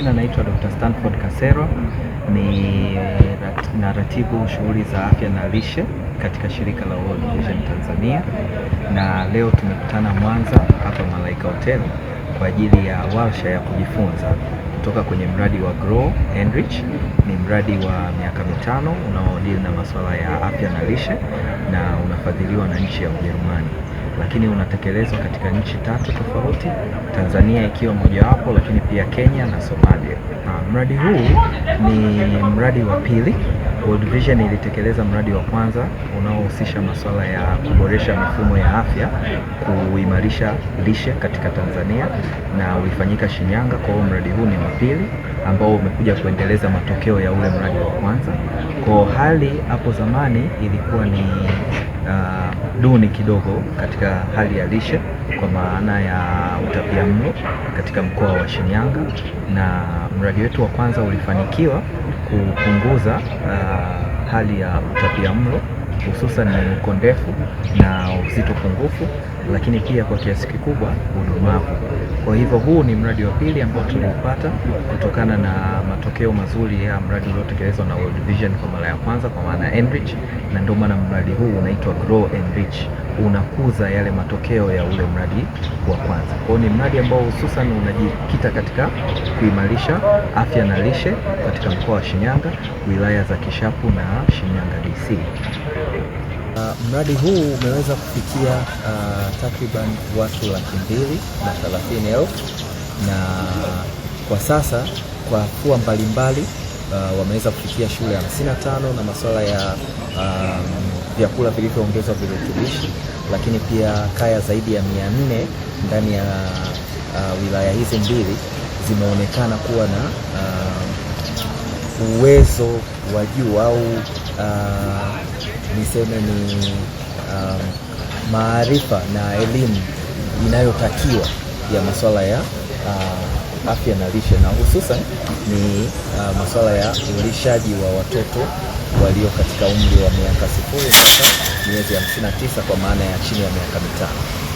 jina naitwa Dr. Stanford Kasero, ni naratibu shughuli za afya na lishe katika shirika la World Vision Tanzania, na leo tumekutana Mwanza hapa Malaika Hotel kwa ajili ya warsha ya kujifunza kutoka kwenye mradi wa Grow Enrich. Ni mradi wa miaka mitano unaodili na masuala ya afya na lishe na unafadhiliwa na nchi ya Ujerumani lakini unatekelezwa katika nchi tatu tofauti, Tanzania ikiwa mojawapo, lakini pia Kenya na Somalia. Ha, mradi huu ni mradi wa pili. World Vision ilitekeleza mradi wa kwanza unaohusisha masuala ya kuboresha mifumo ya afya, kuimarisha lishe katika Tanzania na ulifanyika Shinyanga. Kwa hiyo mradi huu ni wa pili ambao umekuja kuendeleza matokeo ya ule mradi wa kwanza. Kwa hali hapo zamani ilikuwa ni duni kidogo katika hali ya lishe kwa maana ya utapia mlo katika mkoa wa Shinyanga, na mradi wetu wa kwanza ulifanikiwa kupunguza uh, hali ya utapia mlo hususan mwinuko ndefu na uzito pungufu, lakini pia kwa kiasi kikubwa udumavu. Kwa hivyo huu ni mradi wa pili ambao tuliupata kutokana na matokeo mazuri ya mradi uliotekelezwa na World Vision kwa mara ya kwanza, kwa maana Enrich, na ndio maana mradi huu unaitwa Grow Enrich unakuza yale matokeo ya ule mradi wa kwanza. Kwa ni mradi ambao hususan unajikita katika kuimarisha afya na lishe katika mkoa wa Shinyanga, wilaya za Kishapu na Shinyanga DC. Uh, mradi huu umeweza kufikia uh, takriban watu laki mbili na thelathini elfu na kwa sasa kwa kuwa mbalimbali uh, wameweza kufikia shule 55 na masuala ya um, vyakula vilivyoongezwa virutubishi, lakini pia kaya zaidi ya mia nne ndani ya uh, wilaya hizi mbili zimeonekana kuwa na uh, uwezo wa juu au uh, niseme ni uh, maarifa na elimu inayotakiwa ya masuala ya uh, afya na lishe na hususan ni uh, masuala ya ulishaji wa watoto walio katika umri wa miaka sifuri miezi 59 kwa maana ya chini ya miaka mitano.